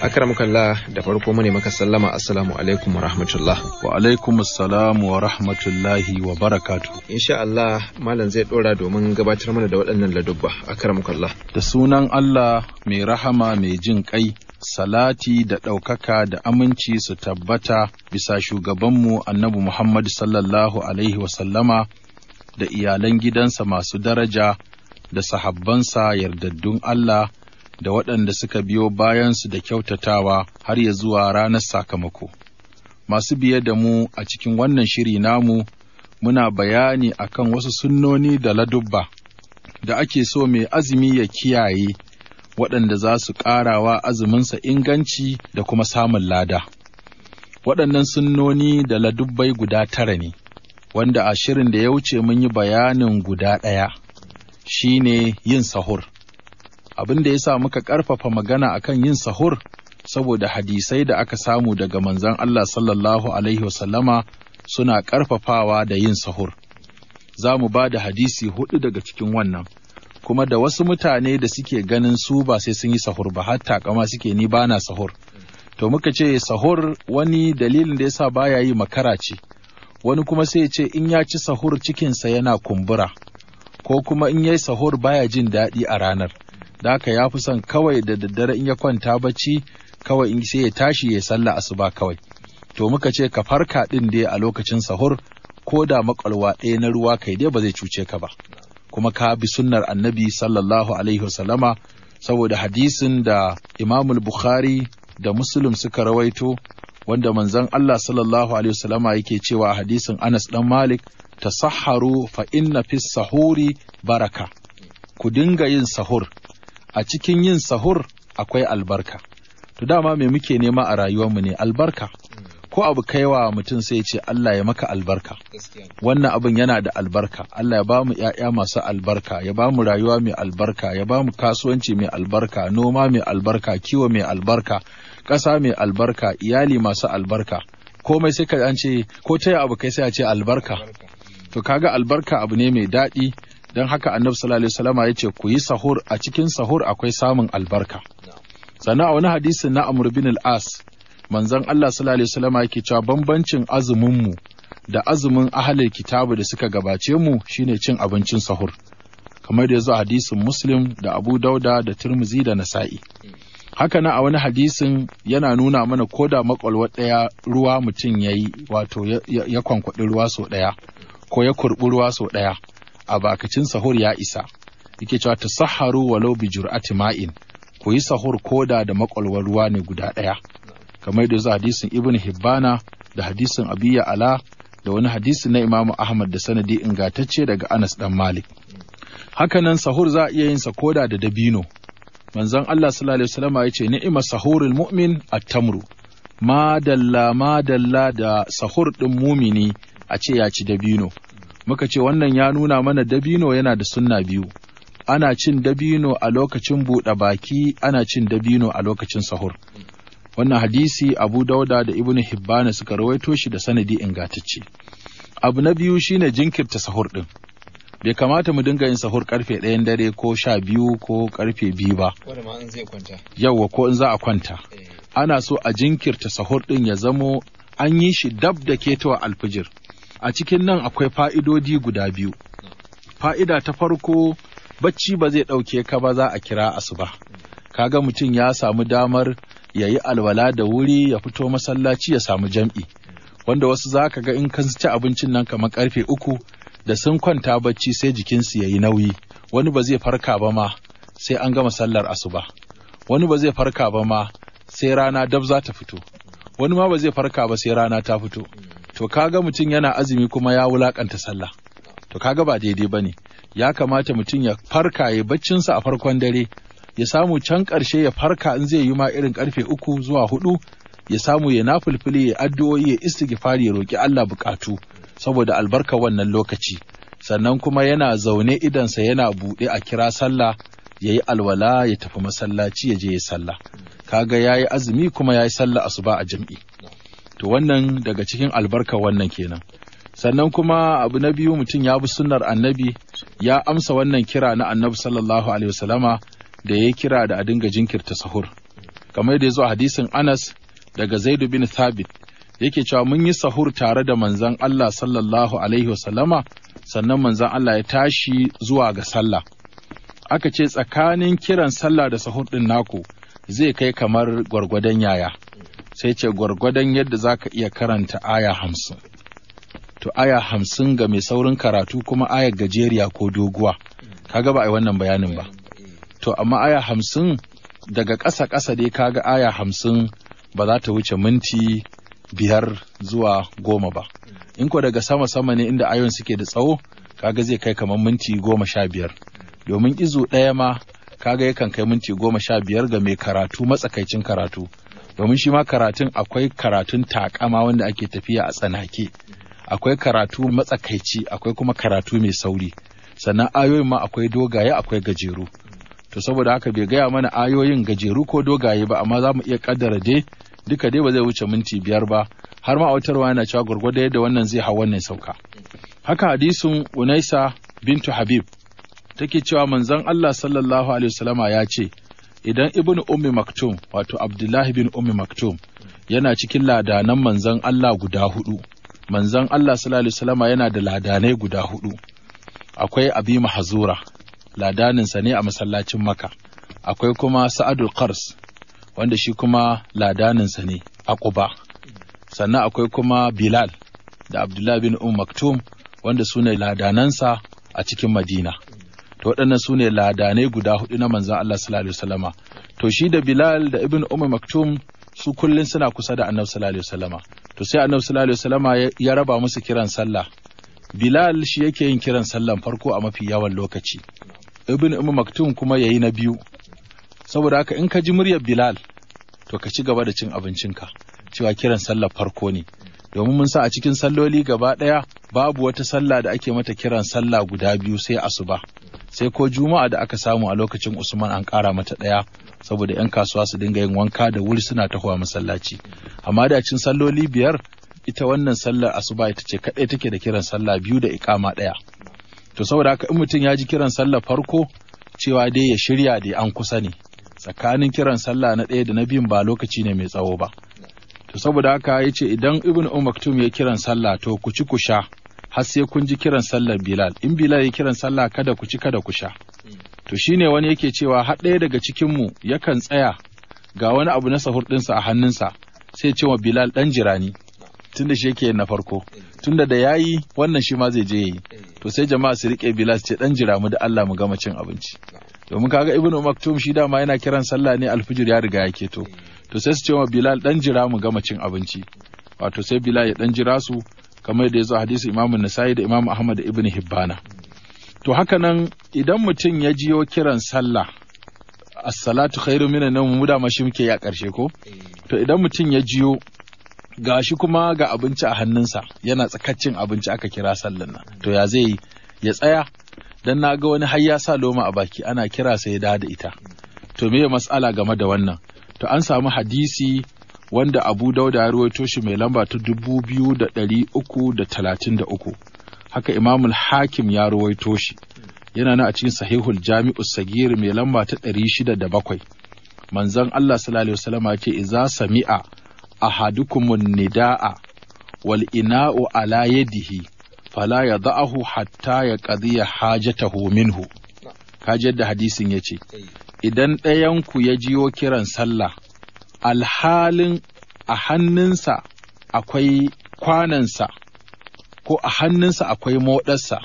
akramukallah da farko mune maka sallama assalamu alaikum wa rahmatullah wa alaikum assalam wa rahmatullahi wa barakatu insha Allah malam zai dora domin gabatar mana da waɗannan ladubba Allah da sunan Allah mai rahama mai jin kai salati da ɗaukaka da aminci su tabbata bisa shugabanmu annabi Muhammad sallallahu alaihi wa sallama da iyalan gidansa masu daraja da sahabbansa yardaddun Allah da waɗanda suka biyo bayansu da kyautatawa har ya zuwa ranar sakamako. Masu biye da mu a cikin wannan shiri namu muna bayani a kan wasu sunnoni da ladubba da ake so mai azumi ya kiyaye waɗanda za su ƙarawa azuminsa inganci da kuma samun lada. Waɗannan sunnoni da ladubbai guda tara ne, wanda a shirin da ya wuce mun yi bayanin guda ɗaya, shi ne yin sahur. abin da ya sa muka ƙarfafa magana akan yin sahur saboda hadisai da aka samu daga manzan Allah sallallahu alaihi wasallama suna ƙarfafawa da yin sahur. Za mu ba da hadisi hudu daga cikin wannan, kuma da wasu mutane da suke ganin su ba sai sun yi sahur ba, hatta kama suke ni bana sahur. To muka ce sahur wani dalilin da ya yasa baya yi makara ce, wani kuma sai ce in ya ci sahur cikinsa yana kumbura, ko kuma in yi sahur baya jin daɗi a ranar. da haka ya fi son kawai da daddare in ya kwanta bacci kawai in sai ya tashi ya sallah asuba kawai to muka ce ka farka din dai a lokacin sahur ko da makwalwa ɗaya na ruwa kai dai ba zai cuce ka ba kuma ka bi sunnar annabi sallallahu alaihi wasallama saboda hadisin da imamul bukhari da muslim suka rawaito wanda manzon Allah sallallahu alaihi wasallama yake cewa hadisin Anas dan Malik tasahharu fa inna fis sahuri baraka ku dinga yin sahur a cikin yin sahur akwai albarka to dama me muke nema a rayuwar mu ne albarka ko abu kaiwa mutum sai ce Allah ya maka albarka wannan abin yana da albarka Allah ya ba mu ƴaƴa masu albarka ya ba mu rayuwa mai albarka ya ba mu kasuwanci mai albarka noma mai albarka kiwo mai albarka ƙasa mai albarka iyali masu albarka komai sai ka an ce ko ta abu kai sai a ce albarka to kaga albarka abu ne mai daɗi don haka annabi sallallahu alaihi wasallama ya ce ku yi sahur a cikin sahur akwai samun albarka sannan a wani hadisin na amr bin al-as manzon Allah sallallahu alaihi wasallama yake cewa bambancin azumin mu da azumin ahlul kitabu da suka gabace mu shine cin abincin sahur kamar da yazo hadisin muslim da abu dauda da tirmizi da nasa'i haka na a wani hadisin yana nuna mana koda makwalwar ɗaya ruwa mutum ya yi wato ya kwankwaɗi ruwa sau ɗaya ko ya kurɓi ruwa sau ɗaya A bakacin sahur ya isa yake cewa ta saharu walau bi jur'ati ma'in ku yi sahur koda da makwalwar ruwa ne guda ɗaya kamar da hadisin ibn hibbana da hadisin abiya ala da wani hadisi na imamu ahmad da sanadi ingantacce daga anas dan malik hakanan sahur za a iya yin sa koda da dabino manzon allah sallallahu alaihi wasallam ya ce ni'ima sahurul mu'min at-tamru madalla madalla da sahur din mumini a ce ya ci dabino muka ce wannan ya nuna mana dabino yana da sunna biyu ana cin dabino a lokacin buɗe baki ana cin dabino a lokacin sahur wannan hadisi abu dauda da ibnu hibbana suka rawaito shi da sanadi ingantacce abu na biyu shine jinkirta sahur din bai kamata mu dinga yin sahur karfe ɗayan dare ko sha biyu ko karfe biyu ba yawwa ko in za a kwanta eh. ana so a jinkirta sahur din ya zamo an yi shi dab da ketowa alfijir a cikin nan akwai fa'idodi guda biyu. Fa'ida ta farko bacci ba zai ɗauke ka ba za a kira asuba. Kaga mutum ya samu damar ya yi alwala da wuri ya fito masallaci ya samu jam'i. Wanda wasu za ka ga in kan ci abincin nan kamar karfe uku da sun kwanta bacci sai jikinsu ya yi nauyi. Wani ba zai farka ba ma sai an gama sallar asuba. Wani ba zai farka ba ma sai rana dab za ta fito. Wani ma ba zai farka ba sai rana ta fito. to kaga mutum yana azumi kuma ya wulakanta sallah to kaga ba daidai ba ne ya kamata mutum ya farka ya baccinsa a farkon dare ya samu can ƙarshe ya farka in zai yi ma irin ƙarfe uku zuwa hudu ya samu ya nafulfuli ya addu'o'i ya istighfari ya roki Allah bukatu saboda albarka wannan lokaci sannan kuma yana zaune idansa yana buɗe a kira sallah ya yi alwala ya tafi masallaci ya je ya sallah kaga ya yi azumi kuma ya yi sallah asuba a jam'i to wannan daga cikin albarka wannan kenan sannan kuma abu na biyu mutum ya bi sunnar annabi ya amsa wannan kira na annabi sallallahu alaihi wasallama da ya kira da a dinga jinkirta sahur kamar da ya zo hadisin anas daga zaidu bin thabit yake cewa mun yi sahur tare da manzan Allah sallallahu alaihi wasallama sannan manzan Allah ya tashi zuwa ga sallah aka ce tsakanin kiran sallah da sahur din naku zai kai kamar gwargwadon yaya sai ce gwargwadon yadda za ka iya karanta aya hamsin to aya hamsin ga mai saurin karatu kuma aya gajeriya ko doguwa kaga ba a yi wannan bayanin ba to amma aya hamsin daga ƙasa ƙasa dai kaga aya hamsin ba za ta wuce minti biyar zuwa goma ba in ko daga sama sama ne inda ayon suke da tsawo kaga zai kai kamar minti goma sha biyar domin izu ɗaya ma kaga yakan kai minti goma sha biyar ga mai karatu matsakaicin karatu domin shi ma karatun akwai karatun takama wanda ake tafiya a tsanake akwai karatu matsakaici akwai kuma karatu mai sauri sannan ayoyin ma akwai dogaye akwai gajeru to saboda haka bai gaya mana ayoyin gajeru ko dogaye ba amma za mu iya kaddara dai duka dai ba zai wuce minti biyar ba har ma autarwa yana cewa gwargwado yadda wannan zai hau wannan sauka haka hadisin unaisa bintu habib take cewa manzon Allah sallallahu alaihi wasallama ya ce idan ibn ummi maktum wato abdullahi bin ummi maktum yana cikin ladanan manzan Allah guda hudu manzan Allah sallallahu alaihi yana da ladanai guda hudu akwai abi mahazura ladaninsa ne a masallacin maka akwai kuma sa'adul qars wanda shi kuma ladaninsa ne a quba sannan akwai kuma bilal da abdullahi bin ummi maktum wanda su ladanansa a cikin madina to waɗannan su ne ladanai guda hudu na manzan Allah sallallahu alaihi to shi da Bilal da Ibn Umar Maktum su kullum suna kusa da Annabi sallallahu alaihi to sai Annabi sallallahu alaihi ya raba musu kiran sallah Bilal shi yake yin kiran sallan farko a mafi yawan lokaci Ibn Umar Maktum kuma yayi na biyu saboda haka in ka ji muryar Bilal to ka ci gaba da cin abincinka cewa kiran sallar farko ne domin mun sa a cikin salloli gaba ɗaya babu wata sallah da ake mata kiran sallah guda biyu sai asuba sai ko juma'a da aka samu a lokacin usman an kara mata ɗaya saboda 'yan kasuwa su dinga yin wanka da wuri suna tahowa masallaci amma da cin salloli biyar ita wannan sallar asuba ita ce kaɗai take da kiran sallah biyu da ikama ɗaya to saboda haka in mutum ya ji kiran sallah farko cewa dai ya shirya dai an kusa ne tsakanin kiran sallah na ɗaya da na biyun ba lokaci ne mai tsawo ba to saboda haka ya ce idan ibn maktum ya kiran sallah to ku ci ku sha har sai kun ji kiran sallar Bilal in Bilal ya kiran sallah kada ku ci kada ku sha to shine wani yake cewa har ɗaya daga cikin mu yakan tsaya ga wani abu na sahur ɗinsa a hannunsa sai ce wa Bilal dan jirani tunda shi yake na farko tunda da yayi wannan shi ma zai je yi to sai jama'a su rike Bilal ce dan jira mu da Allah mu gama cin abinci domin kaga Ibn Maktum shi dama yana kiran sallah ne alfijir ya riga ya keto to sai su ce wa Bilal dan jira mu gama cin abinci wato sai Bilal ya dan jira su kamar da ya zo hadisi imamu nasa'i da imamu ahmad da ibn hibbana to haka nan idan mutum ya jiyo kiran sallah as-salatu khairu minan nawm mu da mashi muke ya karshe ko to idan mutum ya jiyo gashi kuma ga abinci a hannunsa yana tsakaccin abinci aka kira sallan nan to ya zai ya tsaya dan na ga wani har ya sa loma a baki ana kira sai ya da ita to me mas'ala game da wannan to an samu hadisi wanda Abu Dauda ya ruwaito shi mai lamba ta dubu biyu da ɗari uku da talatin da uku. Haka Imamul Hakim ya ruwaito shi. Yana nan a cikin Sahihul Jami'u Sagir mai lamba ta ɗari shida da bakwai. Manzon Allah sallallahu alaihi wasallam ya idza sami'a ahadukum nida'a wal ina'u ala yadihi fala ya hatta ya ƙadiyya hajatahu minhu. Kaji yadda hadisin ya ce, Idan ɗayanku ya jiyo kiran sallah, alhalin a hannunsa akwai kwanansa ko a hannunsa akwai moɗarsa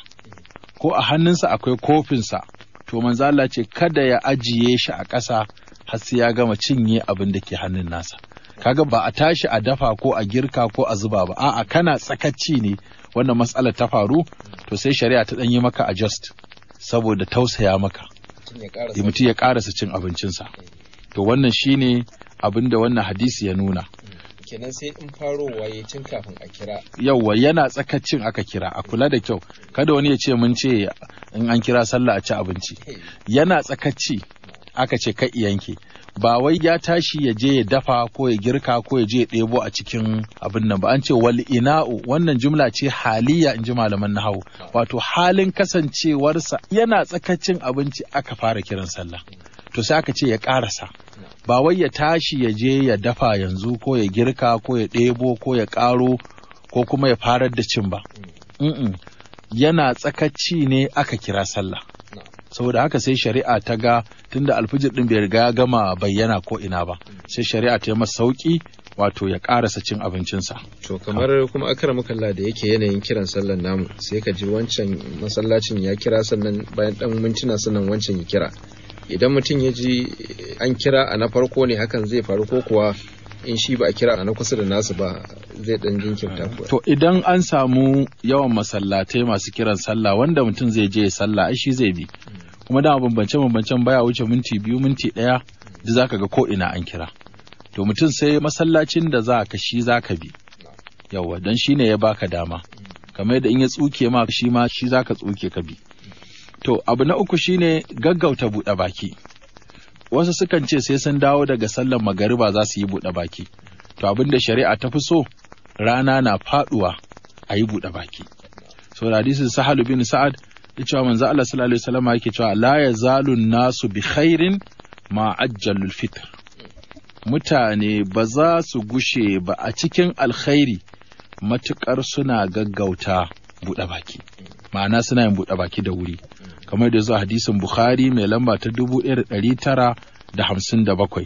ko a hannunsa akwai kofinsa to manzo ce kada ya ajiye shi a ƙasa har sai ya gama cinye abin da ke hannun nasa kaga ba a tashi a dafa ko a girka ko a zuba ba a'a kana tsakacci ne wannan matsalar ta faru to sai shari'a ta ɗan yi maka adjust saboda tausaya maka mutum ya ƙarasa cin abincinsa to wannan shine abinda wannan hadisi ya nuna kenan sai in faro ya cin kafin a kira yawwa yana tsakacin aka kira a kula da kyau kada wani ya ce mun ce in an kira sallah a ci abinci yana tsakaci aka ce ka yanke ba wai ya tashi ya je ya dafa ko ya girka ko ya je ya ɗebo a cikin abin nan ba an ce wal ina'u wannan jumla ce haliya in ji malaman nahawu wato halin kasancewarsa yana tsakacin abinci aka fara kiran sallah to sai aka ce ya ƙarasa ba wai ya tashi ya je ya dafa yanzu ko ya girka ko ya ɗebo ko ya ƙaro ko kuma ya farar da cin ba yana tsakaci ne aka kira sallah saboda haka sai shari'a ta ga tunda alfijir ɗin bai riga ya gama bayyana ko ina ba sai shari'a ta yi masa sauki wato ya ƙarasa cin abincinsa to kamar kuma akara mukalla da yake yanayin kiran Sallar namu sai ka ji wancan masallacin ya kira sannan bayan ɗan mintuna sannan wancan ya kira idan mutum ya ji an kira a na farko ne hakan zai faru ko kuwa in shi ba a kira a na kusa da nasu ba zai dan jinkirta To idan an samu yawan masallatai masu kiran sallah wanda mutum zai je sallah ai shi zai bi. Kuma da bambance bambance baya wuce minti biyu minti ɗaya da zaka ga ko ina an kira. To mutum sai masallacin da za ka shi za ka bi. yawa don shi ne ya baka dama. Kamar da in ya tsuke ma shi ma shi za ka tsuke ka bi. To, abu na uku shine gaggauta buɗe baki. Wasu sukan ce sai sun dawo daga sallar magariba za su yi buɗe baki. To, abin da shari'a ta fi so, rana na faɗuwa a yi buɗe baki. So, hadisin Sahal bin Sa'ad ya cewa manzo Allah sallallahu alaihi wasallam yake cewa la yazalu nasu bi khairin ma ajjalul fitr. Mutane ba za su gushe ba a cikin alkhairi matuƙar suna gaggauta buɗe baki. Ma'ana suna yin buɗe baki da wuri. kamar da zuwa hadisin Bukhari mai lamba ta dubu ɗaya da ɗari tara da hamsin da bakwai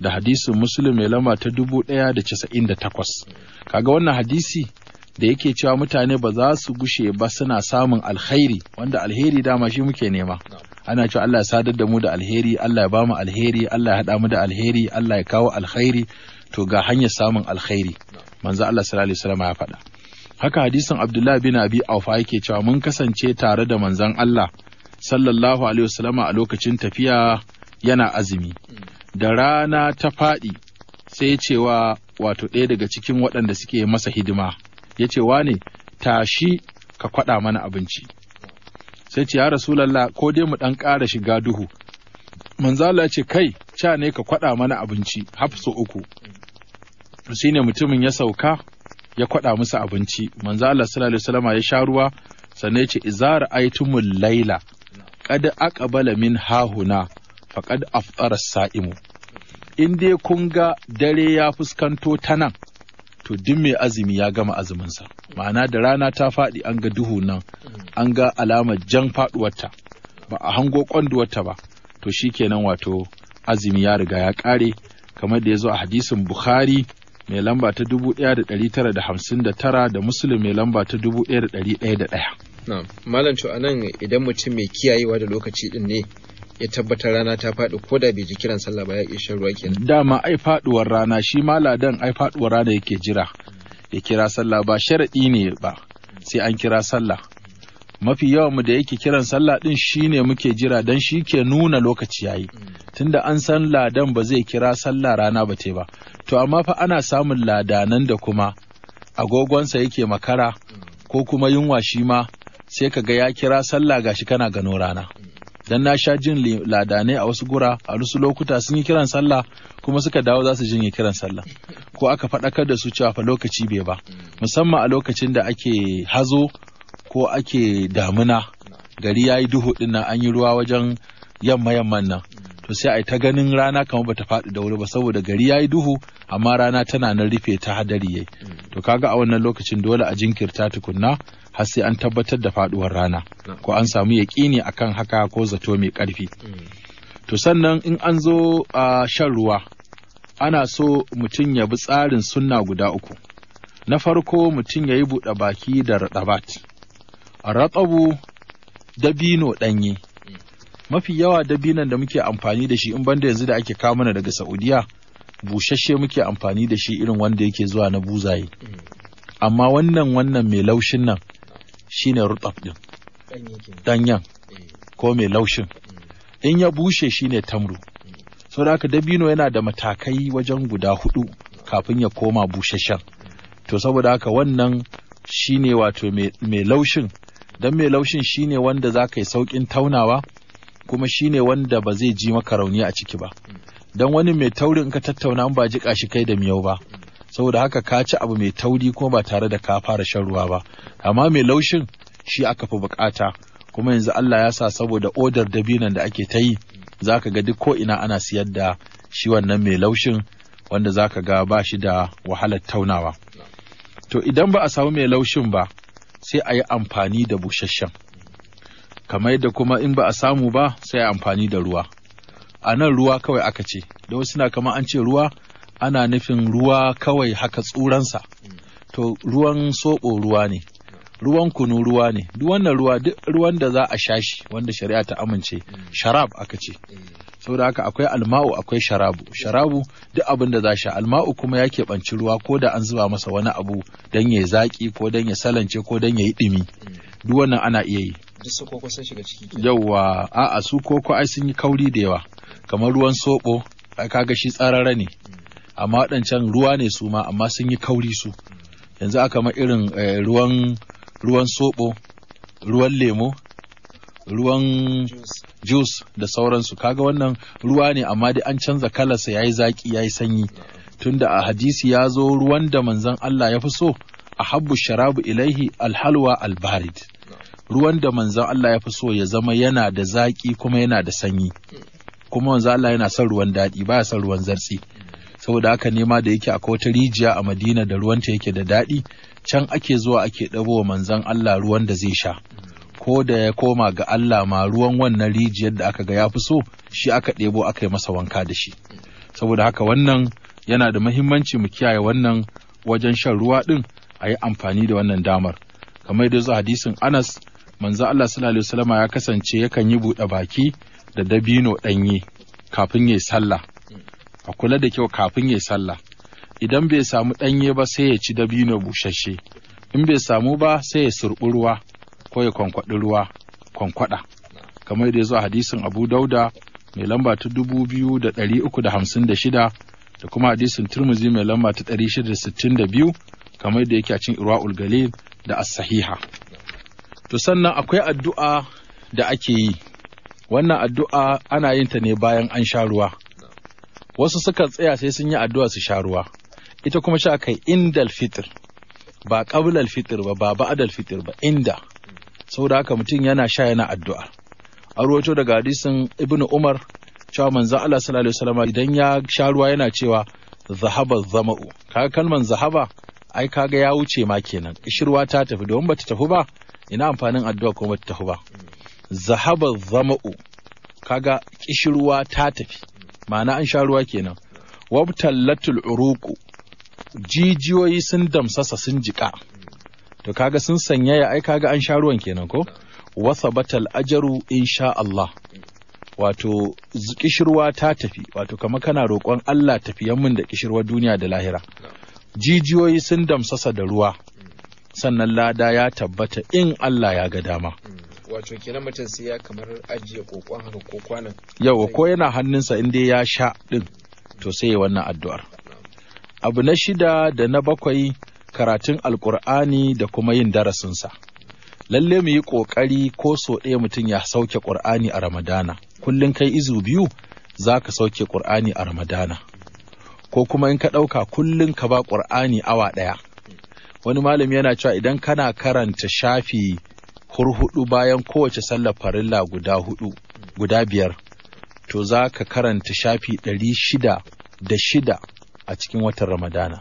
da hadisin musulun mai lamba ta dubu ɗaya da casa'in da takwas. Kaga wannan hadisi da yake cewa mutane ba za su gushe ba suna samun alheri wanda alheri dama shi muke nema. Ana cewa Allah ya sadar da mu da alheri, Allah ya ba mu alheri, Allah ya haɗa mu da alheri, Allah ya kawo alheri to ga hanyar samun alkhairi. Manzo Allah sallallahu alaihi wasallam ya faɗa. haka hadisin Abdullah bin Abi Aufa yake cewa mun kasance tare da manzon Allah sallallahu alaihi wasallama a lokacin tafiya yana azumi da rana ta faɗi sai cewa wato ɗaya daga cikin waɗanda suke masa hidima ya ce wane tashi ka kwaɗa mana abinci sai ce ya rasulallah ko dai mu ɗan ƙara shiga duhu manzala ce kai ca ne ka kwaɗa mana abinci hafsu uku shi ne mutumin ya sauka ya kwaɗa musu abinci manzala sallallahu alaihi wasallama ya sha ruwa sannan ya ce izara aitumul laila qad aqbala min hahuna faqad aftara sa'imu in dai kun ga dare ya fuskanto ta nan to duk mai azumi ya gama azuminsa ma'ana da rana ta faɗi an ga duhu nan an ga alamar jan faɗuwarta ba a hango kwanduwarta ba to shikenan wato azumi ya riga ya ƙare kamar da ya zo a hadisin bukhari mai lamba ta ɗaya da muslim mai lamba ta ɗaya. na malam cewa anan idan mutum mai kiyayewa da lokaci din ne ya tabbatar rana ta faɗi ko da bai ji kiran sallah ba ya iya shan ruwa kenan dama ai faɗuwar rana shi ma ladan ai faɗuwar rana yake jira ya kira sallah ba sharadi ne ba sai an kira sallah mafi yawan mu da yake kiran sallah din shine muke jira dan shi ke nuna lokaci yayi tunda an san ladan ba zai kira sallah rana ba te ba to amma fa ana samun ladanan da kuma agogonsa yake makara ko kuma yunwa shi ma sai ka ga ya kira sallah gashi kana gano rana dan na sha jin ladanai a wasu gura a wasu lokuta sun yi kiran sallah kuma suka dawo za su jin yi kiran sallah ko aka faɗakar da su cewa fa lokaci bai ba musamman a lokacin da ake hazo ko ake damuna gari yayi duhu din nan an yi ruwa wajen yamma yamman nan to sai ai ta ganin rana kamar bata faɗi da wuri ba saboda gari yayi duhu amma rana tana nan rufe ta hadari yayi to kaga a wannan lokacin dole a jinkirta tukunna har sai an tabbatar da faduwar rana ko an samu yaƙini akan haka ko zato mai ƙarfi to sannan in an zo a shan ruwa ana so mutum ya bi tsarin sunna guda uku na farko mutum ya yi buɗe baki da raɗabat raɗabu dabino ɗanye mafi yawa dabinan da muke amfani da shi in banda yanzu da ake kawo mana daga saudiya bushashe muke amfani da shi irin wanda yake zuwa na buzaye amma wannan wannan mai laushin nan shine rutab din danyen eh. ko mai laushin hmm. in ya bushe shine tamru hmm. so da haka dabino yana da matakai wajen guda hudu kafin ya koma busheshen hmm. to saboda haka wannan shine wato mai laushin don mai laushin shine wanda za ka yi sauƙin taunawa kuma shine wanda ba zai ji maka rauni a ciki ba don wani mai taurin ka tattauna ba ji kashi kai da miyau ba saboda haka ka ci abu mai tauri kuma ba tare da ka fara shan ruwa ba amma mai laushin shi aka fi bukata kuma yanzu Allah ya sa saboda odar dabinan da ake ta yi za ga duk ko ina ana siyar da shi wannan mai laushin wanda zaka ga ba shi da wahalar taunawa to idan ba a samu mai laushin ba sai a yi amfani da busasshen kamar da kuma in ba a samu ba sai a amfani da ruwa a nan ruwa kawai aka ce Da wasu na kama an ce ruwa ana nufin ruwa kawai haka tsuransa to ruwan soɓo ruwa ne ruwan kunu ruwa ne duk wannan ruwa duk ruwan da za a sha shi wanda shari'a ta amince sharab aka ce saboda haka akwai alma'u akwai sharabu sharabu duk abin da za sha alma'u kuma ya keɓanci ruwa ko da an zuba masa wani abu don ya zaƙi ko don ya salance ko don ya yi ɗumi duk wannan ana iya yi yauwa a'a su koko ai sun yi kauri da yawa kamar ruwan soɓo ga shi tsarara ne amma waɗancan ruwa ne su ma amma sun yi kauri su yanzu aka ma irin eh, ruwan ruwan soɓo ruwan lemo ruwan juice da sauransu kaga wannan ruwa ne amma dai an canza kalarsa yayi zaki yayi sanyi tunda a hadisi ya zo ruwan da manzon Allah ya fi so a habbu sharabu ilaihi alhalwa albarid ruwan da manzon Allah ya fi so ya zama yana da zaki kuma yana da sanyi kuma manzon Allah yana son ruwan daɗi baya son ruwan zartsi saboda haka nema da yake akwai wata rijiya a madina da ruwanta yake da daɗi can ake zuwa ake ɗabo wa manzan allah ruwan da zai sha ko da ya koma ga allah ma ruwan wannan rijiyar da aka ga ya fi so shi aka ɗebo aka yi masa wanka da shi saboda haka wannan yana da mahimmanci mu kiyaye wannan wajen shan ruwa ɗin a yi amfani da wannan damar kamar da zuwa hadisin anas manzo allah sallallahu alaihi ya kasance yakan yi buɗe baki da dabino ɗanye kafin ya yi sallah a kula da kyau kafin ya sallah idan bai samu ɗanye ba sai ya ci dabino bushashe in bai samu ba sai ya surɓi ruwa ko ya kwankwaɗi ruwa kwankwaɗa kamar da ya zo hadisin abu dauda mai lamba ta dubu biyu da ɗari uku da hamsin da shida da kuma hadisin turmuzi mai lamba ta ɗari shida da sittin da biyu kamar da yake a cin irwa'ul galil da as-sahiha to sannan akwai addu'a da ake yi wannan addu'a ana yin ta ne bayan an sha ruwa wasu suka tsaya sai sun yi addu'a su sha ruwa ita kuma sha kai indal fitr ba qablal fitr ba ba ba'dal fitr ba inda saboda haka mutum yana sha yana addu'a a ruwato daga hadisin ibnu umar cewa manzo Allah sallallahu alaihi wasallam idan ya sha ruwa yana cewa zahaba zama'u kaga kalman zahaba ai kaga ya wuce ma kenan kishirwa ta tafi ba bata tafi ba ina amfanin addu'a kuma bata tafi ba zahaba zama'u kaga kishirwa ta tafi ma'ana an sha ruwa kenan wabtallatul uruku jijiyoyi sun damsasa sun jika to kaga sun sanyaya ai kaga an sha ruwan kenan ko batal ajaru insha Allah wato kishirwa ta tafi wato kama kana roƙon Allah tafiyan mun da kishirwar duniya da lahira jijiyoyi sun damsasa da ruwa sannan lada ya tabbata in Allah ya ga dama wato kenan mutum sai ya kamar ajiye kokon haka ko kwanan yawa ko yana hannunsa in dai ya sha din to sai ya wannan addu'ar abu na shida da na bakwai karatun alkur'ani da kuma yin darasinsa lalle mu yi ƙoƙari ko so ɗaya mutum ya sauke ƙur'ani a ramadana kullum kai izu biyu za ka sauke ƙur'ani a ramadana ko kuma in ka ɗauka kullum ka ba ƙur'ani awa ɗaya wani malami yana cewa idan kana karanta shafi hudu bayan kowace sallar farilla guda hudu guda biyar to za ka karanta shafi ɗari shida da shida a cikin watan ramadana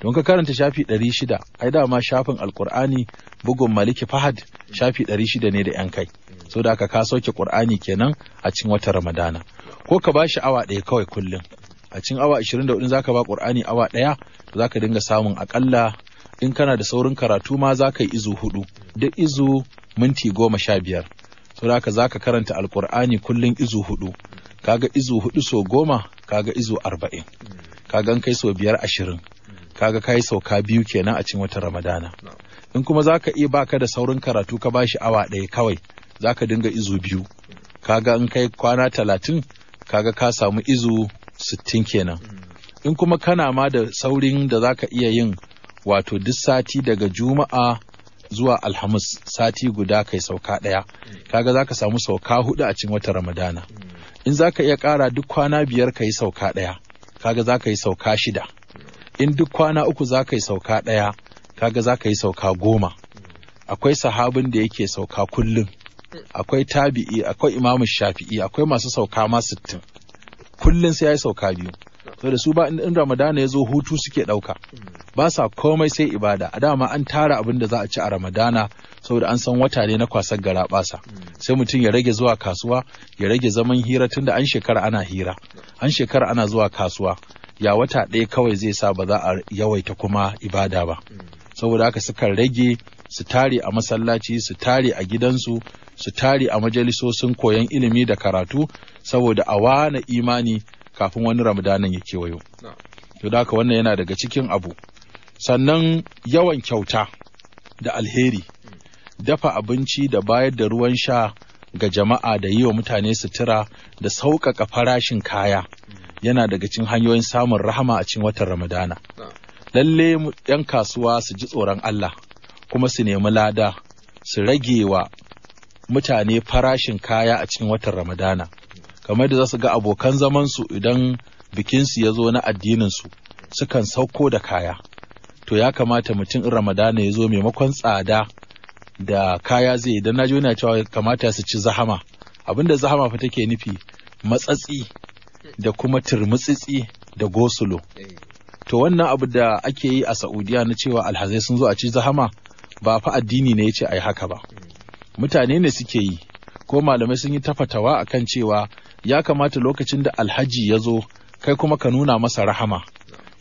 don ka karanta shafi ɗari shida ai dama shafin alkur'ani bugun maliki fahad shafi ɗari shida ne da yan kai so da aka ka sauke kur'ani kenan a cikin watan ramadana ko ka ba shi awa ɗaya kawai kullum a cikin awa ashirin da hudu za ka ba ƙur'ani awa ɗaya za ka dinga samun aƙalla in kana da saurin karatu ma za ka yi izu hudu duk izu minti goma sha biyar saboda haka zaka karanta alkur'ani kullum izu hudu kaga izu hudu so goma kaga izu arba'in kagan kai so biyar ashirin kaga kai sauka biyu kenan a cikin wata ramadana in kuma zaka iya baka da saurin karatu ka bashi awa ɗaya kawai za ka dinga izu biyu kaga in kai kwana talatin kaga ka samu izu sittin kenan in kuma kana ma da saurin da zaka iya yin wato duk sati daga juma'a zuwa alhamis sati guda kai sauka ɗaya kaga zaka samu sauka hudu a cikin watan ramadana in zaka iya ƙara duk kwana biyar ka yi sauka ɗaya kaga za yi sauka shida in duk kwana uku zaka yi sauka ɗaya kaga za yi sauka goma akwai sahabin da yake sauka kullum akwai tabi'i akwai imamu shafi'i akwai masu sauka ma sittin kullum sai yayi sauka biyu to da su ba in ramadana ya zo hutu suke ɗauka ba sa komai sai ibada a dama an tara abin da za a ci a ramadana saboda an san wata ne na kwasar gara basa sai mutum ya rage zuwa kasuwa ya rage zaman hira tunda an shekara ana hira an shekara ana zuwa kasuwa ya wata ɗaya kawai zai sa ba za a yawaita kuma ibada ba saboda haka sukan rage su tare a masallaci su tare a gidansu su tare a majalisosin koyon ilimi da karatu saboda a wane imani kafin wani ramadanin ya kewayo to da haka wannan yana daga cikin abu sannan yawan kyauta da alheri dafa abinci da bayar da ruwan sha ga jama'a da yi wa mutane sutura da sauƙaƙa farashin kaya yana daga cikin hanyoyin samun rahama a cikin watan ramadana lalle 'yan kasuwa su ji tsoron allah kuma su nemi lada su rage wa mutane farashin kaya a cikin watan ramadana kamar da za su ga abokan zamansu idan bikinsu ya zo na addininsu sukan sauko da kaya to ya kamata mutum in ramadana ya zo maimakon tsada da kaya zai idan na yana cewa kamata su ci zahama abinda zahama fa take nufi matsatsi da kuma turmutsitsi da gosulo to wannan abu da ake yi a saudiya na cewa alhazai sun zo a ci zahama ba fa addini ne ya ce a yi haka ba mutane ne suke yi ko malamai sun yi tafatawa akan cewa ya kamata lokacin da alhaji ya zo kai kuma ka nuna masa rahama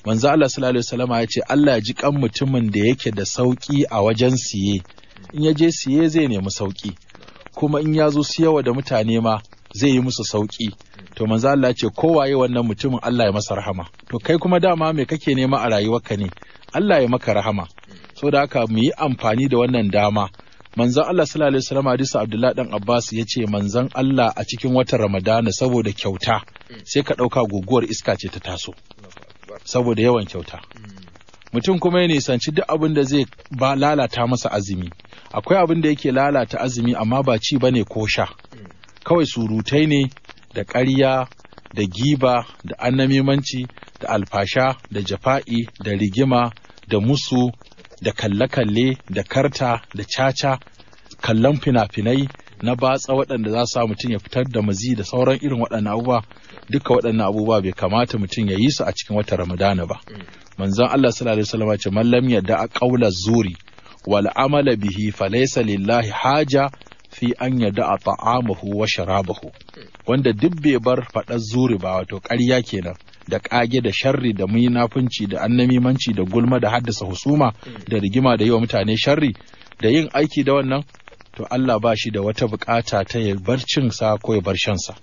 manzo Allah sallallahu alaihi wasallama ya ce Allah ya ji kan mutumin da yake da sauki a wajen siye in ya je siye zai nemi sauki kuma in ya zo siyawa da mutane ma zai yi musu sauki to manzo Allah ce kowaye wannan mutumin Allah ya masa rahama to kai kuma dama me kake nema a rayuwarka ne Allah ya maka rahama so da haka mu yi amfani da wannan dama Manzan Allah sallallahu alaihi wasallam hadisi Abdullahi dan Abbas ya ce manzon Allah a cikin watan Ramadana saboda kyauta sai ka ɗauka guguwar iska ce ta taso saboda yawan kyauta mutum kuma ya nisanci duk abin da zai lalata masa azumi akwai abin da yake lalata azumi amma ba ci bane ko sha kawai surutai ne da ƙarya da giba da annamimanci da alfasha da jafa'i da rigima da musu da kalle-kalle da karta da caca kallon fina-finai na batsa waɗanda za sa mutum ya fitar da mazi da sauran irin waɗannan abubuwa duka waɗannan abubuwa bai kamata mutum ya yi su a cikin wata ramadana ba manzon Allah sallallahu alaihi wasallam ce lam a qaula zuri wal bihi falaysa lillahi haja fi an yadda a ta'amahu wa sharabahu wanda duk bai bar faɗar zuri ba wato ƙarya kenan da ƙage da sharri da munafunci da annamimanci da gulma da haddasa husuma da rigima da yi wa mutane sharri da yin aiki da wannan to Allah ba shi da wata bukata ta ya bar cin sa ko ya bar shan sa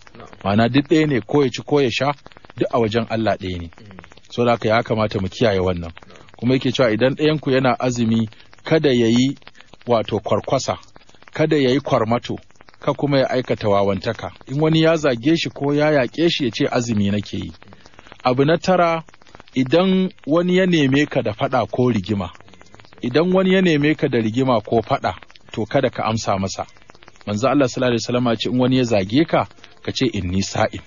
ma'ana duk ɗaya ne ko ya ci ko ya sha duk a wajen Allah ɗaya ne so da ya kamata mu kiyaye wannan kuma yake cewa idan ɗayan ku yana azumi kada ya yi wato kwarkwasa kada ya yi kwarmato ka kuma ya aikata wawantaka in wani ya zage shi ko ya yaƙe shi ya ce azumi nake yi abu na tara idan wani ya neme ka da faɗa ko rigima idan wani ya neme ka da rigima ko faɗa to kada ka amsa masa manzo Allah sallallahu alaihi wasallam ce in wani ya zage ka ka ce inni sa'in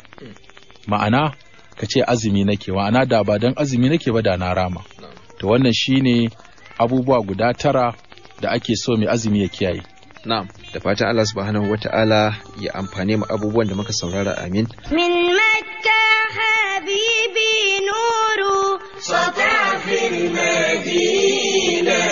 ma'ana ka ce azumi nake ma'ana da ba dan azumi nake ba da na rama to wannan shine abubuwa guda tara da ake so mai azumi ya kiyaye Na'am, da fata Allah subhanahu wata'ala ya amfane mu abubuwan da muka saurara amin. Min Makka habibi nuru, sata fil Madina